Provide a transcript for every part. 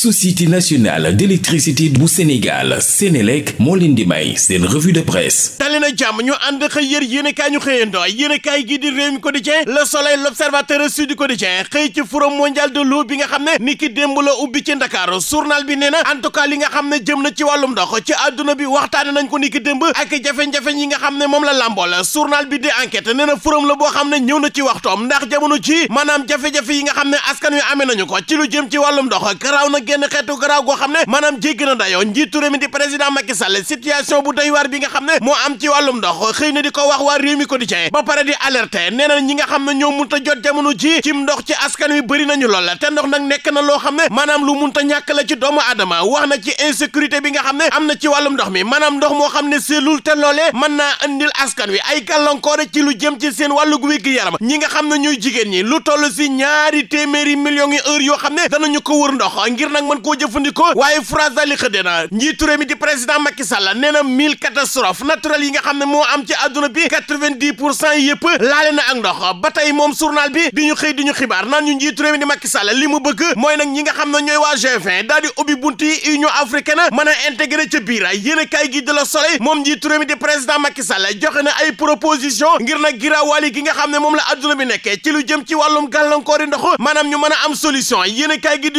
société nationale d'électricité bu Sénégal Sénélec moo leen di may seen revue de presse tali na jàmm ñu ànd xëy yër yéenekaay ñu xëyandoo yéenekaay gi di Rewmi Quotidien Le Soleil L'Observateur Sud Quotidien xëy ci forum mondial de l'eau bi nga xam ne ni ki démb la ubbi ci Ndakaaru journal bi nee na en tout cas li nga xam ne jëm na ci wàllum ndox ci àdduna bi waxtaane nañ ko ni ki démb ak jafe-jafe yi nga xam ne moom la làmbool journal bi di enquête nee na forum la boo xam ne ñëw na ci waxtoom ndax jamono ci maanaam jafe yi nga xam ne askan wi amee nañu ko ci lu jëm ci wàllum ndox génn xeetu garaaw goo xam ne maanaam jéggi na dayo njiitu réew mi di président Macky Sall situation bu doy waar bi nga xam ne moo am ci wàllum ndox xëy na di ko wax waa réew mi quotidien ba pare di alerter nee na ñi nga xam ne ñoo mun ta jot jamono ji cim ndox ci askan wi bëri nañu lool te ndox nag nekk na loo xam ne maanaam lu mun ta ñàkk la ci doomu aadama wax na ci insécurité bi nga xam ne am na ci wàllum ndox mi maanaam ndox moo xam ne seelul te loolee mën naa andil askan wi ay gàllankoore ci lu jëm ci seen wàllu wérgu yaram ñi nga xam ne ñooy jigéen ñi lu toll si ñaari téeméeri millions yi heure yoo xam ne danañu ko wër ndox ngir na nag mën koo jëfandikoo waaye France daal li xëddee na njiitu réew mi di président Macky Sall nee na mille catastrophe yi nga xam ne moo am ci àdduna bi quatre-vingt-dix pour cent yëpp laale na ak ndox ba moom journal bi di ñu xëy di ñu xibaar naan ñu njiitu réew mi di Macky Sall li bëgg mooy nag ñi nga xam ne ñooy waa G20 ubbi bunt yi Union africaine mën a intégré ca biir kaay gi de la Soleil moom njiitu réew mi di président Macky Sall joxe na ay proposition ngir nag giraawaali gi nga xam ne moom la àdduna bi nekkee ci jëm ci wàllum gàllankoori ndox maanaam ñu mën a am solution yéen kaay gi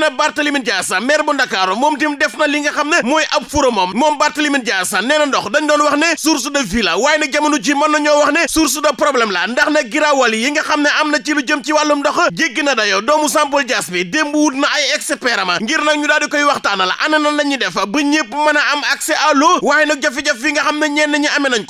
nee na Barthélémy Dias maire bu Ndakaaru moom tim def na li nga xam ne mooy ab fura moom moom Barthélémy Dias na ndox dañ doon wax ne source de vie waaye nag jamono ji mën na ñoo wax ne source de problème la ndax nag giraawal yi nga xam ne am na ci lu jëm ci wàllum ndox jéggi na dayoo doomu Sampol Dias bi démb wut na ay expert ngir nag ñu daal koy waxtaana la ana nan la ñuy def ba ñëpp mën a am accès à l'eau waaye nag jafe-jafe yi nga xam ne ñenn ñi amee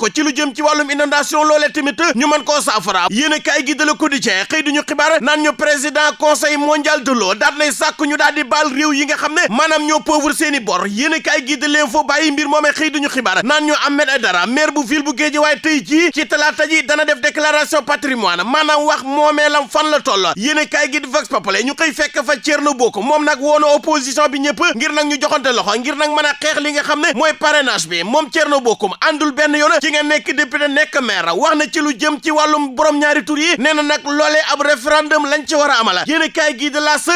a daal di baal réew yi nga xam ne maanaam ñoo pauvre seen i bor yéen i kaay gi de l'info bàyyi mbir moomee xëy duñu xibaar naan ñu Ahmed Aidara maire bu ville bu Guédiawaye tey jii ci talaata ji dana def déclaration patrimoine maanaam wax moomeelam fan la toll yéen i kaay gi di Vox Populi ñu koy fekk fa Thierno Bokk moom nag woon na opposition bi ñëpp ngir nag ñu joxante loxo ngir nag mën a xeex li nga xam ne mooy parrainage bi moom Thierno Bokkum àndul benn yoon ci nga nekk député nekk maire wax na ci lu jëm ci wàllum borom ñaari tur nee na nag loolee ab référendum lañ ci war a amala yéen i kaay gi de L'As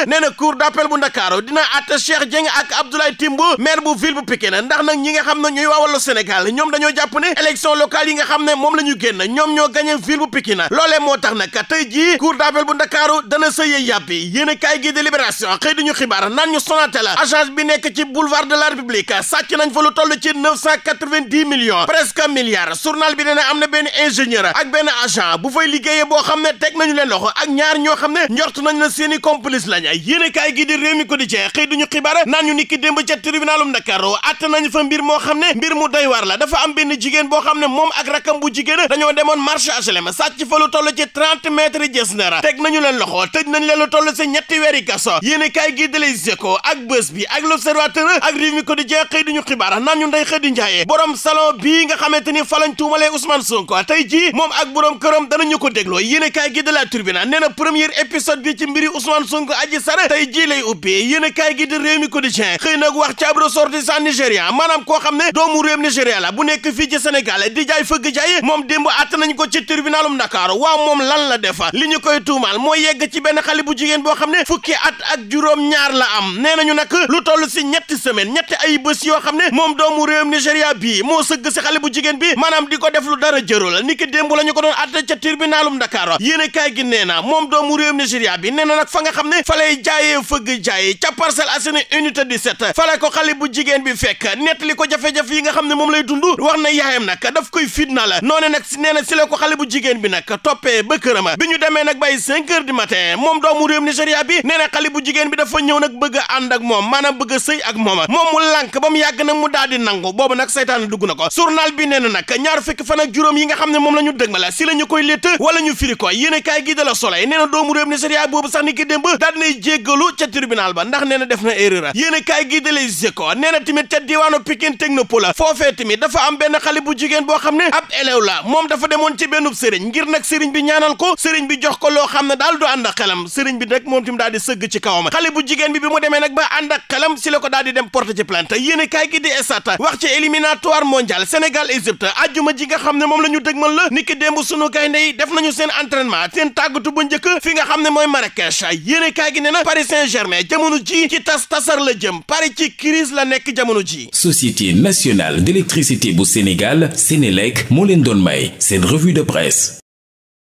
tribunal bu Ndakaaru dina àtte Cheikh Dieng ak Abdoulaye Timbo maire bu ville bu Pikine ndax nag ñi nga xam ne ñooy waa la Sénégal ñoom dañoo jàpp ne élection locale yi nga xam ne moom la ñu génn ñoom ñoo gagné ville bu Pikine loolee moo tax nag tey jii cour d'appel bu Ndakaaru dana sëyee yàbbi yéen a kaay gi de Libération xëy diñu xibaar naan ñu Sonatel agence bi nekk ci boulevard de la République sàcc nañ fa lu toll ci neuf cent quatre-vingt-dix na am ne teg nañu leen loxo ak ñoo xam ne njort nañ na seeni complice lañ yéen biir réew mi ko di cee xëy xibaar naan ñu ni ki démb moo xam ne mbir mu doy waar la dafa am benn jigéen boo xam ne moom ak rakam bu jigéen dañoo demoon marché HLM sàcc fa lu toll ci 30 mètres gës nara teg nañu leen loxo tëj nañ leen lu toll ci ñetti weeri kaso yéene kaay gi de Les Échos ak Bës bi ak L'Observateur ak réew mi ko di cee xëy duñu xibaar naan ñu Ndeye Khady Ndiaye borom salon bii nga xamante ni fa lañ tuumalee Ousmane Sonko tey jii moom ak borom këram danañu ko dégloo yéene kaay gi de La Tribune nee na premier épisode bi ci mbiri Ousmane Sonko aji sare tey jii lay ubbee yéen a kaay gi di réew mi quotidien xëy nag wax ci ab ressortissant nigérian maanaam koo xam ne doomu réew nigéria la bu nekk fii ci sénégal di jaay fëgg jaay moom démb àtt nañ ko ci tribunalum Dakar waa moom lan la defa li ñu koy tuumaal moo yegg ci benn xale bu jigéen boo xam ne fukki at ak juróom ñaar la am nee nañu nag lu toll si ñetti semaine ñetti ay bés yoo xam ne moom doomu réew mi nigéria bii moo sëgg si xale bu jigéen bi maanaam di ko def lu dara jërul ni ki démb la ñu ko doon àtte ca tribunalum Dakar yéen a kaay na moom doomu réewum nigéria bi nee na fa nga xam ne fa lay jaayee Guy Ndiaye ca Parcelles Assainies unité 17 fale ko xale jigéen bi fekk nettali ko jafe-jafe yi nga xam ne moom lay dund wax na yaayam nag daf koy fitna la noone nag nee na si la ko xale jigéen bi nag toppee ba bi ñu demee nag bàyyi cinq heures du matin moom doomu réew Nigéria bi nee na jigéen bi dafa ñëw nag bëgg a ànd ak moom bëgg a sëy ak moom moom mu lànk ba mu yàgg nag mu daal nangu boobu nag saytaan dugg ko journal a da tribunal ba ndax nee na def na erreur yéen a kaay gii de Les Échos nee na tamit ca diwaanu Pikine Technopole foofee tamit dafa am benn xale bu jigéen boo xam ne ab élève la moom dafa demoon ci benn sëriñ ngir nag sëriñ bi ñaanal ko sëriñ bi jox ko loo xam ne daal du ànd si la ko daal di dem porte ci plainte yéen a kaay gii de wax ci éliminatoire mondial Sénégal Égypte ajjuma ji nga xam ne moom la ñu dëgmal la niki démb sunu bu njëkk fi nga xam a mais jamono ji ci tas tasar la jëm pare ci crise la nekk jamono ji société nationale d'électricité bu Sénégal Sénélec moo leen doon may seen revue de presse